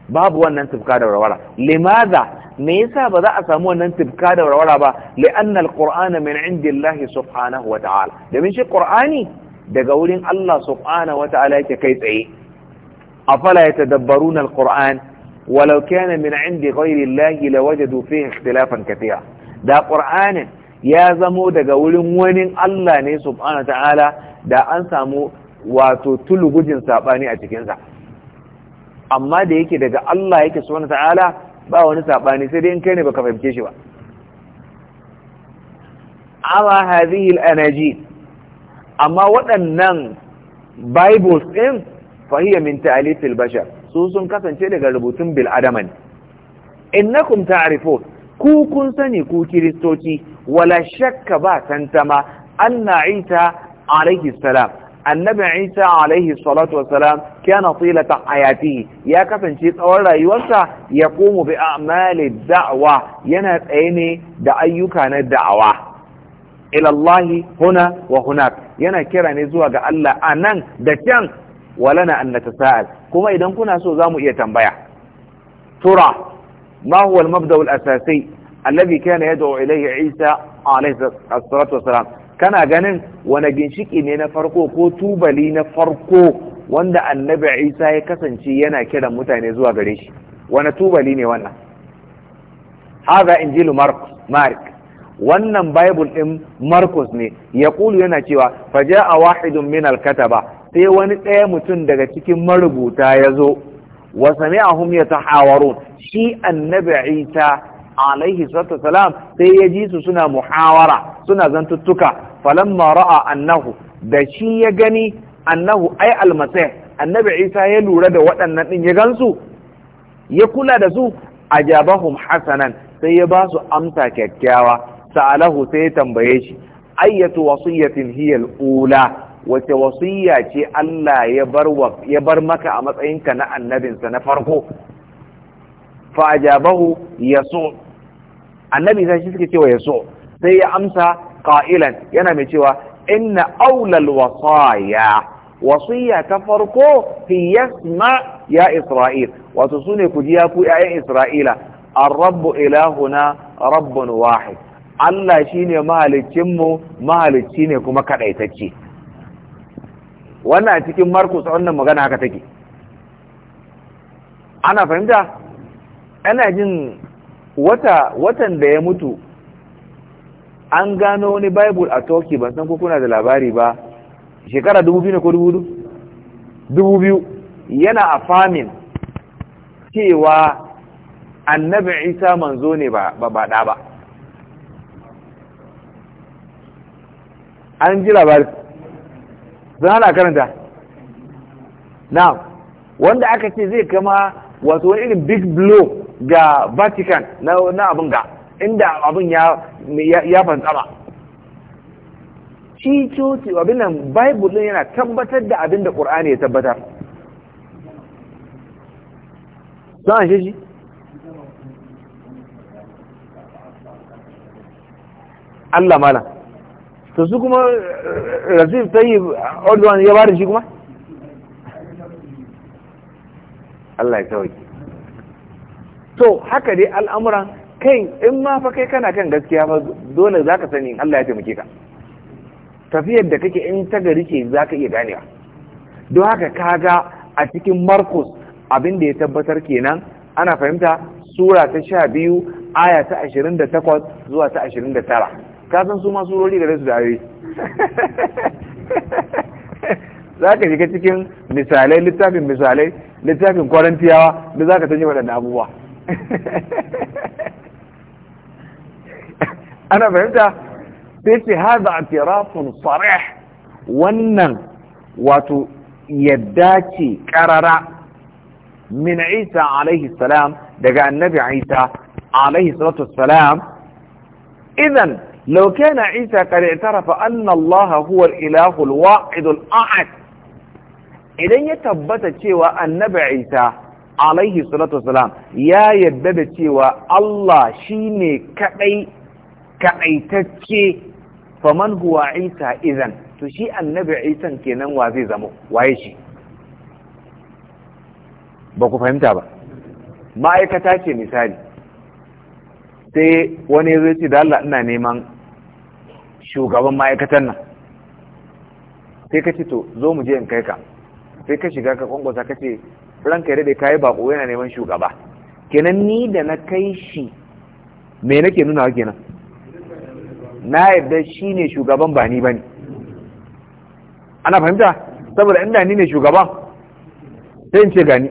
babu wannan tufka da warwara limaza me yasa ba za a samu wannan tibka da warwara ba li'anna alqur'ana min indillahi subhanahu wa ta'ala domin shi qur'ani daga wurin Allah subhanahu wa ta'ala yake kai tsaye afala yatadabbaruna alqur'an walau kana min indi ghayri allahi lawajadu fihi ikhtilafan katira da qur'anin ya zamo daga wurin wani Allah ne subhanahu ta'ala da an samu wato tulugujin saɓani a cikinsa amma da yake daga Allah yake subhanahu ta'ala ba wani saɓani sai dai in kai ne baka fahimce shi ba amma hadhihi al-anajil amma waɗannan bibles ɗin fahiyya min ta'alifil bashar su sun kasance daga rubutun bil In ne innakum ta'rifun ku kun sani ku kiristoci wala shakka ba tantama anna isa alaihi salam annabi isa alaihi salatu wassalam kana tilata hayatihi ya kasance tsawon rayuwarsa ya komo bi a'mali da'wa yana tsaye ne da ayyuka na da'awa ila Allah huna wa hunak yana kira ne zuwa ga Allah anan da can walana an natasa'al kuma idan kuna so zamu iya tambaya tura ma huwa al-mabda' al-asasi allazi kana yad'u ilayhi Isa alayhi salatu wassalam kana ganin wani ginshiki ne na farko ko tubali na farko wanda annabi Isa ya kasance yana kiran mutane zuwa gare shi wani tubali ne wannan wannan bible din marcus ne ya kulu yana cewa a wahidun min alkataba sai wani ɗaya mutum daga cikin marubuta ya zo wa sami'ahum yatahawarun shi annabi Isa alaihi salatu salam sai ya ji su suna muhawara suna zantuttuka falamma ra'a annahu da shi ya gani annahu ai almasih annabi isa ya lura da waɗannan din ya gansu ya kula da su ajabahum hasanan sai ya ba su amsa kyakkyawa sa'alahu sai ya tambaye shi ayyatu wasiyatin hiya al-ula wace wasiyya ce Allah ya bar ya bar maka a matsayinka na annabinsa na farko fa ajabahu yasu annabi sai shi suke cewa yaso sai ya amsa qailan yana mai cewa inna aulal wasaya wasiya ta farko fi yasma ya isra'il wato sune ku ji ya ku ƴaƴan isra'ila ar-rabbu ilahuna rabbun wahid Allah shine mahaliccin mu mahalicci ne kuma kadaitacce wannan a cikin Markus wannan magana haka take ana fahimta ana jin wata watan da ya mutu an gano wani bible a toki ban san ko kuna da labari ba shekara dubu biyu ne ko dubu dubu biyu yana a famin cewa annabi isa manzo ne ba ba da ba an ji labari zan hana karanta na wanda aka ce zai kama wato wani irin big blow ga vatican na abin ga inda abin ya fantsama shi coci abin nan bible din yana tabbatar da abin da ƙur'ani ya tabbatar zan shi shi Allah mala to su kuma Razif ta yi ya bada shi kuma Allah ya sauki to haka dai al'amuran kai in ma fa kai kana kan gaskiya ba dole za ka sani Allah ya taimake ka tafiyar da kake in ta gari ke za ka iya ganewa don haka ka ga a cikin markus abin da ya tabbatar kenan ana fahimta sura ta sha biyu aya ta ashirin da takwas zuwa ta ashirin da tara ka san su masu surori da su da ayoyi [laughs] za ka shiga cikin misalai littafin misalai littafin kwarantiyawa da za ka sanya waɗanda abubuwa [laughs] انا فهمتها بيتي هذا اعتراف صريح ونن واتو يداتي قرارا من عيسى عليه السلام دقاء النبي عيسى عليه الصلاة والسلام اذا لو كان عيسى قد اعترف ان الله هو الاله الواحد الاحد اذا يتبت تشيوى النبي عيسى alaihi salatu wasalam ya yadda da cewa Allah shine kadai kadaitacce faman huwa Isa idan to shi annabi isan kenan wa zai zamo waye shi ba ku fahimta ba ma'aikata ce misali sai wani zai ce da Allah ina neman shugaban ma'aikatan nan sai ka ce to zo mu je in kai ka sai ka shiga ka kwangwasa ka ce ranka ya daɗe yi bako yana neman shugaba kenan ni da na kai shi me nake nuna kenan na yarda shi ne shugaban ba ni ba ne ana fahimta saboda inda ni ne shugaban sai in ce gani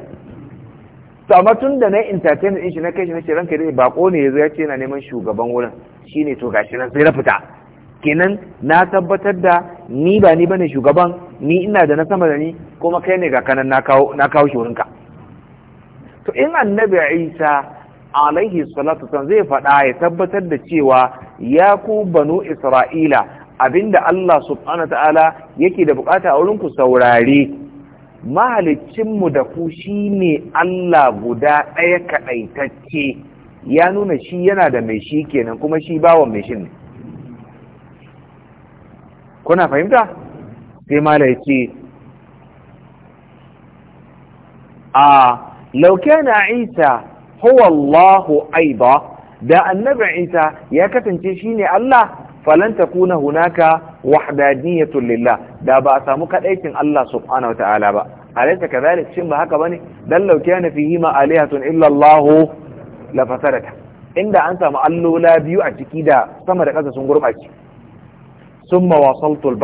to amma tun da na entertainment din shi na kai shi na ce ranka dai bako ne ya zo ya ce yana neman shugaban wurin shi ne to gashi nan sai na fita kenan na tabbatar da ni ba ni bane shugaban ni ina da na sama da ni kuma kai ne ga kanan na kawo shi wurinka to in annabi Isa alaihi salatu san zai faɗa ya tabbatar da cewa ya ku banu Isra'ila abinda Allah subhanahu ta'ala yake da bukata a wurin ku saurare mahalicin da ku shi ne Allah guda ɗaya kaɗaitacce ya nuna shi yana da mai shi kenan kuma shi bawan mai shi ne kuna fahimta sai mala yace a law kana isa huwa allah aiba da annabi isa ya kasance shine allah falan takuna hunaka wahdaniyatu lillah da ba a samu kadaicin allah subhanahu wataala ba alaysa kadhalik shin ba haka bane dan law kana fihi ma alihatun illa allah la inda an samu allola biyu a ciki da sama da ƙasa sun gurɓace summa wasaltu al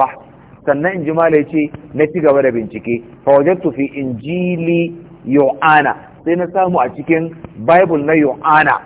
sannan in ji na ci gaba da bincike fa tufi fi injili Yohana. sai na samu a cikin bible na yo'ana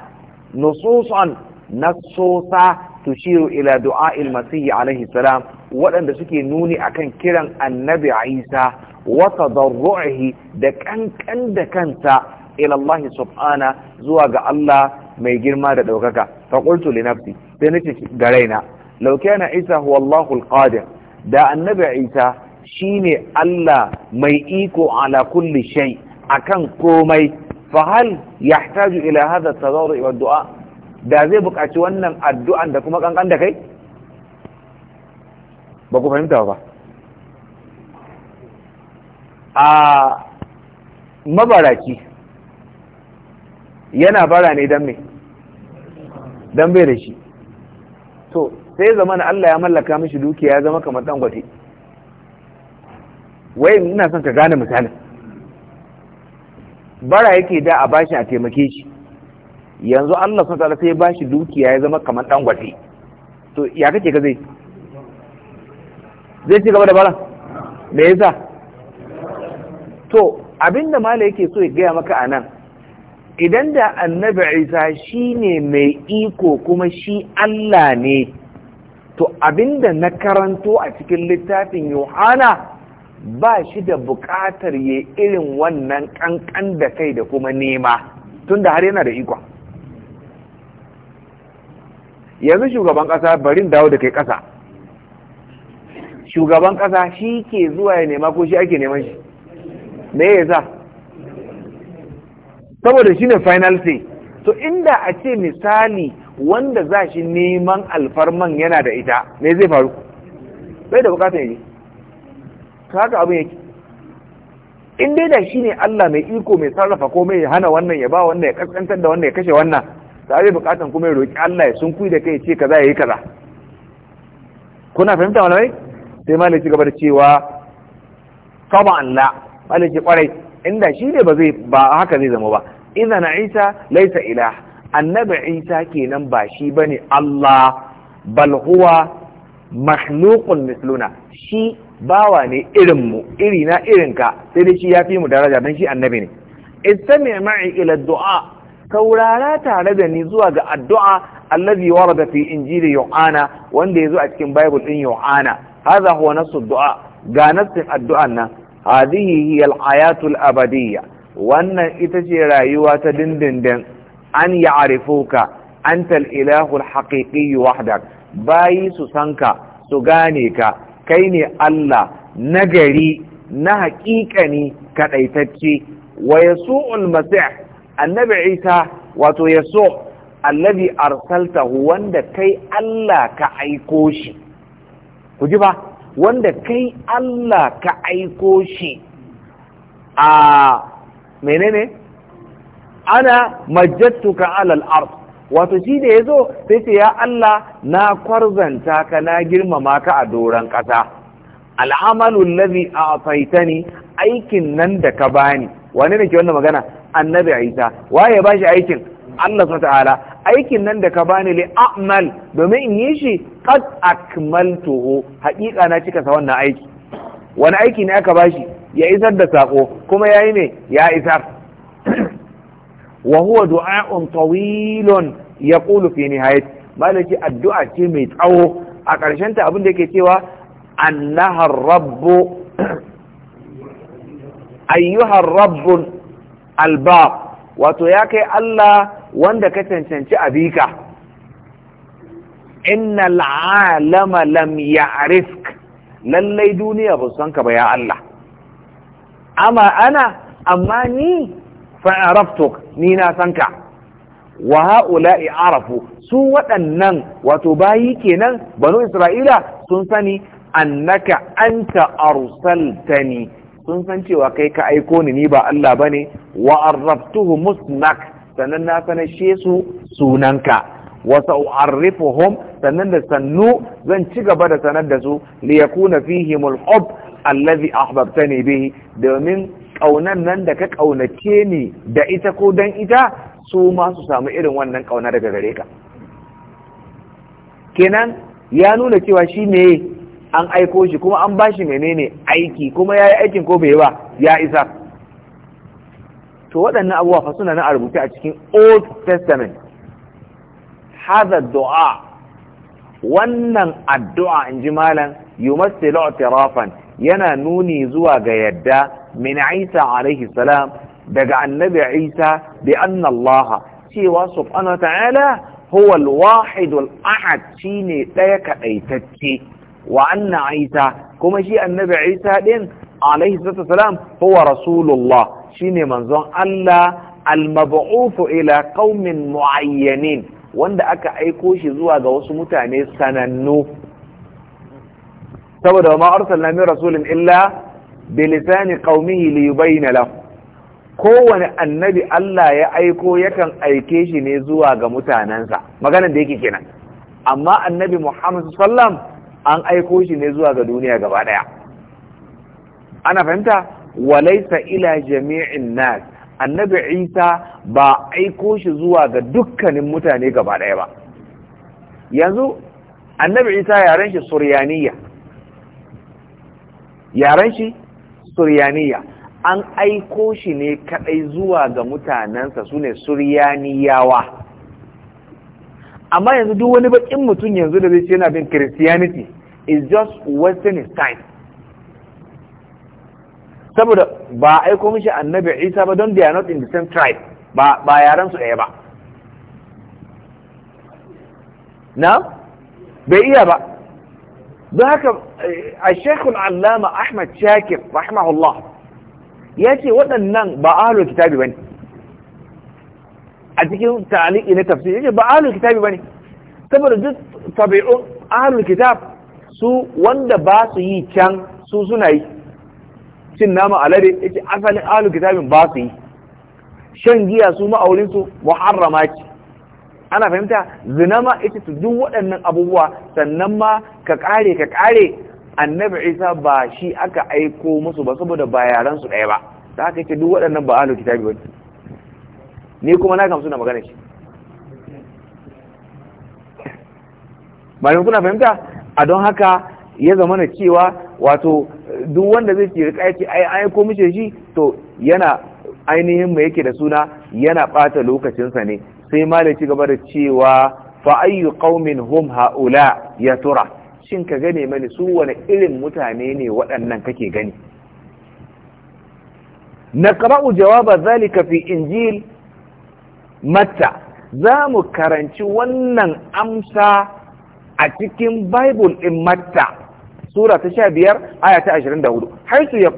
nususan nasosa tushiru ila du'a'il masihi alaihi salam waɗanda suke nuni akan kiran annabi isa wa tadarru'ihi da kankan da kanta ila Allah subhana zuwa ga Allah mai girma da ɗaukaka fa qultu li nafsi sai nace ga raina Lauke kana isa huwa Allahu al-qadir da annabi isa shine Allah mai iko ala kulli shay akan komai fa hal yahtaju ila hadha tadarru wa dua da zai buƙaci wannan addu'an da kuma kankan da kai ba ku fahimta ba a mabaraki yana bara ne dan me dan bai da shi to sai zama na Allah ya mallaka mishi dukiya ya zama kamar gwate wai ina son ka gane misalin bara yake da a bashi a taimake shi yanzu Allah sun tsara sai bashi dukiya ya zama kamar gwate to ya kake ka zai zai ci gaba da bara me yasa to abinda mala yake so ya gaya maka a nan idan da annabi isa shi ne mai iko kuma shi Allah ne to abinda na karanto a cikin littafin yohana ba shi da buƙatar ya irin wannan ƙanƙan da kai da kuma nema tun da har yana da ikon yanzu shugaban ƙasa barin dawo da kai ƙasa shugaban ƙasa shi ke zuwa ya nema ko shi ake neman shi me ya sa saboda shi ne final say to inda a ce misali wanda za shi neman alfarman yana da ita me zai faru bai da bukatar yi Ka haka abin yake in dai da shi ne Allah mai iko mai sarrafa ko mai hana wannan ya ba wannan ya kaskantar da wannan ya kashe wannan ta zai bukatan kuma ya roƙi Allah ya kuyi da kai ce kaza yayi kaza kuna fahimta mai? sai malai ci gaba da cewa kama Allah malai ce kwarai inda shi ne ba haka zai zama ba idan Isa laisa ilah annabi isa kenan ba shi ne Allah bal huwa makhluqun misluna shi bawa ne irinmu iri na ka sai dai shi yafi mu daraja dan shi annabi ne istami ma'i ila du'a saurara tare da ni zuwa ga addu'a allazi warada fi injili yohana wanda yazo a cikin bible din yohana hadha huwa nasu du'a ga nasin addu'an nan hadhihi hiya al-ayatul abadiyya wannan ita ce rayuwa ta dindindin an ya'rifuka anta al-ilahu al-haqiqi wahdak bayi su sanka su gane ka kai ne Allah na gari na haƙiƙani kaɗaitacce wa yasu'ul masih annabi Isa wato yasu allazi arsaltahu wanda kai Allah ka aiko shi ku ji ba wanda kai Allah ka aiko shi a menene ana majjattuka alal ard wato shi da yazo sai ce ya Allah na kwarzanta ka na girmama ka a doran kasa al'amalu allazi a'taitani aikin nan da ka bani Wani ne ke wannan magana annabi Isa waye shi aikin Allah ta'ala aikin nan da ka bani li a'mal domin in yi shi qad akmaltuhu haƙiƙa na cika sa wannan aiki wani aiki ne aka bashi ya isar da sako kuma yayi ne ya isar wa huwa du'a'un tawilun yaqulu fi nihayat malaki addu'a ce mai tsawo a ƙarshen ta abin da yake cewa annaha rabbu [clears throat] ayyuha rabbul albab wato ya kai Allah wanda ka cancanci abika innal alama lam ya'rifk lallai duniya ba san ka ba ya Allah amma ana amma ni fa'araftuk ni na san ka wa ha'ula'i arafu su waɗannan wato bayi kenan banu isra'ila sun sani annaka anta arsaltani sun san cewa kai ka aiko ni ni ba Allah bane wa arraftuhu musnak sannan na sanashe su sunanka wa sa'arrifuhum sannan da sannu zan ci gaba da sanar da su liyakuna yakuna fihimul hub allazi ahbabtani bihi domin ƙaunan nan da ka ƙaunace ni da ita ko don ita su ma su samu irin wannan ƙauna daga gare ka kenan ya nuna cewa shi ne an aiko shi kuma an bashi menene aiki kuma ya yi aikin ko bai ba ya isa to waɗannan abubuwa fa suna na a rubuce a cikin old testament haza du'a wannan addu'a in ji malam yumassilu tirafan yana nuni zuwa ga yadda min Isa alaihi salam daga annabi Isa bi anna Allah cewa subhanahu wa ta'ala huwa al-wahid al-ahad shine daya kadaitacce wa anna Isa kuma shi annabi Isa din alaihi salam huwa rasulullah shine manzon Allah al-mab'uthu ila qaumin mu'ayyanin wanda aka aiko shi zuwa ga wasu mutane sanannu saboda ma arsalna min rasulin illa bilisani qaumihi li yubayna lahu kowane annabi Allah ya aiko yakan aike shi ne zuwa ga mutanansa. maganar da yake kenan amma annabi Muhammad sallam an aiko shi ne zuwa ga duniya gaba daya ana fahimta walaysa ila jami'in nas annabi Isa ba aiko shi zuwa ga dukkanin mutane gaba daya ba yanzu annabi Isa yaren shi suryaniya yaren shi suryaniya an aiko shi ne kadai zuwa ga mutanensa su ne suryaniyawa amma yanzu duk wani bakin mutum yanzu da zai ce yana bin christianity is just western time saboda ba aiko mishi annabi isa ba don they not in the same tribe ba ba yaran su ɗaya ba na bai iya ba don haka eh, a shekul allama ahmad shakir rahimahullah ya ce waɗannan ba ahalar kitabi ba ne a cikin ta'aliki na tafsir ya ce ba kitabi ba ne saboda duk tabi'un ahalar kitab su wanda ba su yi can su suna yi cin nama alade ya ce asalin ahalar kitabin ba su yi shan giya su ma'aurinsu muharrama ce ana fahimta zina ma ita su duk waɗannan abubuwa sannan ma ka ƙare ka ƙare annabi isa ba shi aka aiko musu ba saboda ba yaran su ɗaya ba da aka yake duk waɗannan ba ahlul kitabi ba ni kuma na gamsu na magana shi malamin kuna fahimta a don haka ya zama na cewa wato duk wanda zai ke rika yace ai ai ko mace shi to yana ainihin mai yake da suna yana ɓata lokacinsa ne sai malai ci gaba da cewa fa ayyu qaumin hum haula ya tura shin ka gane mani su wani irin mutane ne waɗannan kake gani naqra'u jawaba zalika fi injil matta za mu karanci wannan amsa a cikin bible din matta sura ta sha biyar aya ta ashirin da hudu har su ya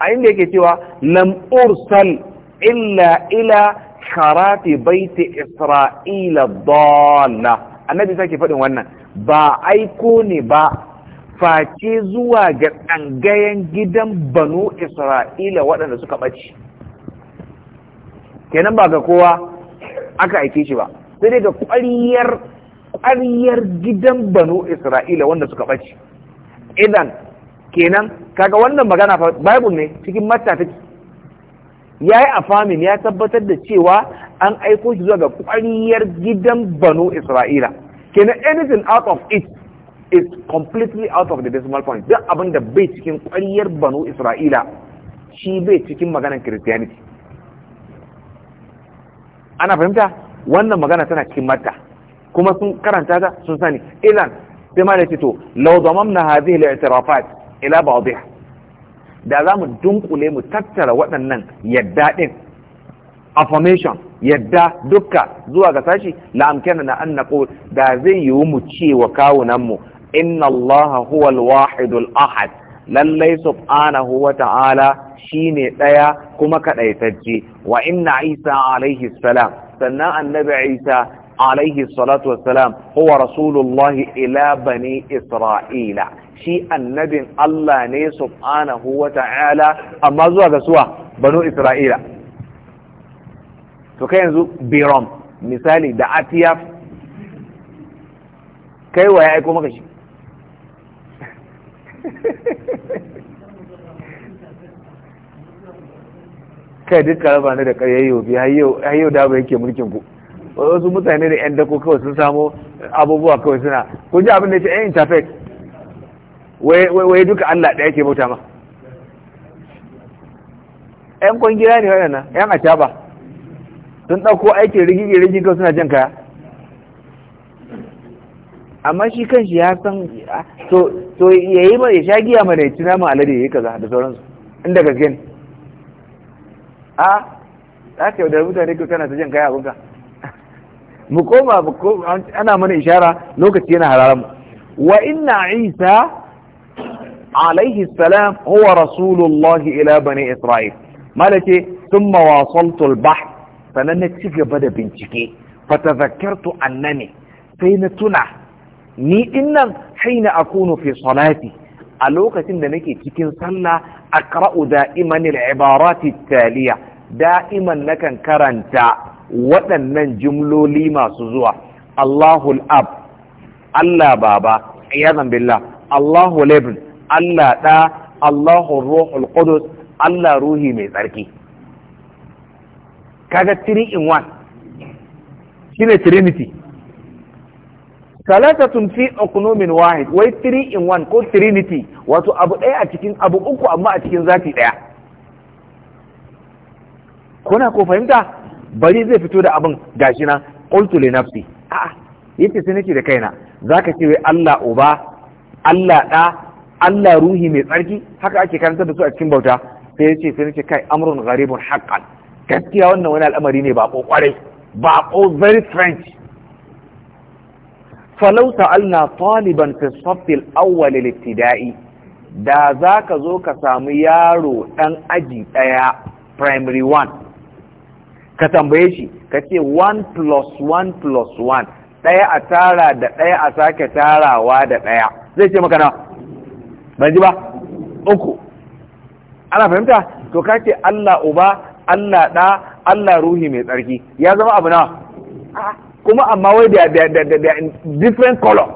a inda yake cewa lam ursal illa ila sharati baiti isra'ila dalla annabi sake faɗin wannan ba aiko ne ba face zuwa ga ɗangayen gidan banu isra'ila waɗanda suka ɓace kenan ba ga kowa aka aike shi ba sai dai ga ƙwariyar ƙwariyar gidan banu isra'ila wanda suka ɓace idan kenan kaga wannan magana bible ne cikin matta ya yi famin ya tabbatar da cewa an aiko shi zuwa ga kwariyar gidan banu isra'ila kenan anything out of it is completely out of the decimal point duk abin da bai cikin kwariyar banu isra'ila shi bai cikin maganar christianity ana fahimta wannan magana tana cikin mata kuma sun karanta ta sun sani idan sai ma da ce to lau damamna na hazi ila ba'dihha da za mu dunkule mu tattara waɗannan yadda ɗin affirmation yadda dukka zuwa ga sashi la'amkana na an da zai yiwu mu ce wa kawunanmu inna allaha huwa al ahad lallai subhanahu wa ta'ala shine ɗaya kuma kaɗaitacce wa inna isa alaihi salam sannan annabi isa alaihi salatu wassalam huwa rasulullahi ila bani isra'ila shi annabin Allah ne subhanahu wa ta'ala amma zuwa ga suwa banu isra'ila to kai yanzu biram misali da atiyaf kai wa ya aiko maka shi [laughs] kai duk karaba ne da karyayyo bi har yau da ba yake mulkin ku wasu mutane da 'yan dako kawai sun samo abubuwa kawai suna ku ji abin da ya ce 'yan eh, interface wai duka Allah ɗaya ke bauta ma ‘yan kwangila ne waɗanda ‘yan acaba sun ɗauko aikin rigigi rigige suna jan kaya amma shi kan shi ya san to ya yi ma ya sha giya mana ya ci nama alade ya yi kaza da sauransu inda gaske ne a za ka yaudar mutane kyauta tana ta jan kaya abinka mu koma ana mana ishara lokaci yana hararar mu wa inna isa alaihi salam huwa rasulullahi ila bani isra'il malake thumma wasaltu al-bahr na ci gaba da bincike fatazakkartu annani sai na tuna ni dinnan haina akunu fi salati a lokacin da nake cikin sallah aqra'u da'iman taliya da'iman nakan karanta waɗannan jumloli masu zuwa Allahul Allah baba Allahu labin Allah ɗa Allahu ruhul qudus Allah ruhi mai tsarki kaga 3 in 1 shine trinity tun fi okunomin wahid wai 3 in 1 ko trinity wato abu ɗaya a cikin abu uku amma a cikin zafi ɗaya kuna ko fahimta bari zai fito da abin gashi na qultu li nafsi a'a yace sai nake da kaina zaka ce wai Allah uba Allah ɗa Allah ruhi mai tsarki haka ake karanta da su a cikin bauta sai ya ce sai nake kai amrun gharibun haƙƙan. gaskiya wannan wani al'amari ne bako kwarai bako very french falau ta'alna taliban fi safil awwal ibtida'i da za ka zo ka samu yaro ɗan aji ɗaya primary one ka tambaye shi ka ce 1 plus 1 plus 1 ɗaya a tara da ɗaya a sake tarawa da ɗaya zai ce maka ba. ban ji ba uku ana fahimta to ka ce Allah uba Allah ɗa Allah ruhi mai tsarki ya zama abu na kuma amma wai da different color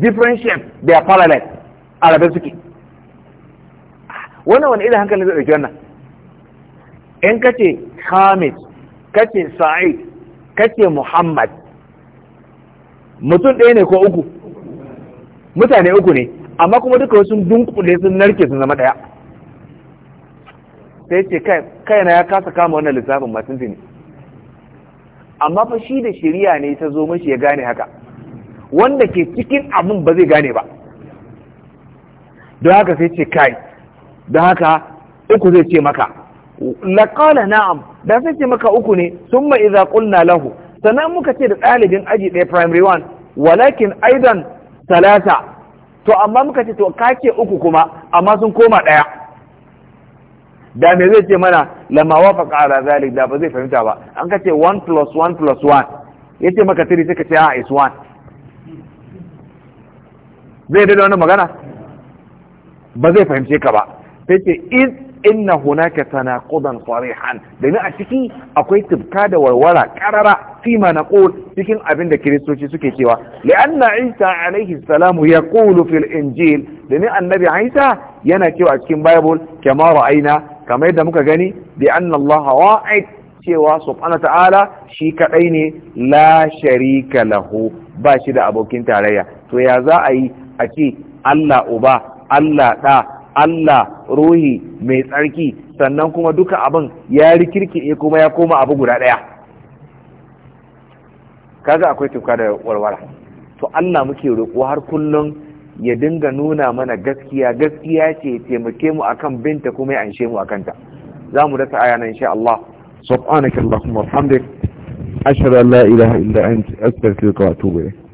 different shape they are parallel a rabe suke wannan wani irin hankali zai dauki wannan in kace hamid kace sa'id kace muhammad mutum ɗaya ne ko uku mutane uku ne amma kuma duka sun dunkule sun narke sun zama ɗaya sai ce na ya kasa kama wannan lissafin masu zini amma fa shi da shirya ne ta zo mashi ya gane haka wanda ke cikin abin ba zai gane ba don haka sai ce kai don haka uku zai ce maka laƙala na'am da sai ce maka uku ne sun maiza ƙulna lahu sannan muka ce da ɗalibin aji ɗaya primary one walakin aidan talata to amma muka ce to kake uku kuma amma sun koma ɗaya da me zai ce mana lama wafaqa ala zalik da ba zai fahimta ba an ka ce 1 plus one plus one. Ya ce maka tiri sai ce a is 1 zai daidai wani magana ba zai fahimce ka ba sai ce iz inna hunaka tanaqudan sarihan domin a ciki akwai tibka da warwara karara na naqul cikin abin da kiristoci suke cewa li'anna Isa alaihi salamu yaqulu fil injil ni annabi Isa yana cewa cikin bible kama ra'aina kamar yadda muka gani bi anna Allah wa'id cewa subhana ta'ala shi kadai ne la sharika lahu ba shi da abokin tarayya to ya za a yi a ce Allah uba Allah da Allah ruhi mai tsarki sannan kuma duka abin ya rikirkiɗe kuma ya koma abu guda ɗaya kaga akwai tuka da warwara to Allah muke roƙo har kullum ya dinga nuna mana gaskiya gaskiya ce taimake mu akan binta kuma ya anshe mu akan ta za mu rasa aya nan insha Allah subhanakallahumma wa bihamdik ashhadu an la ilaha illa anta astaghfiruka wa atubu ilayk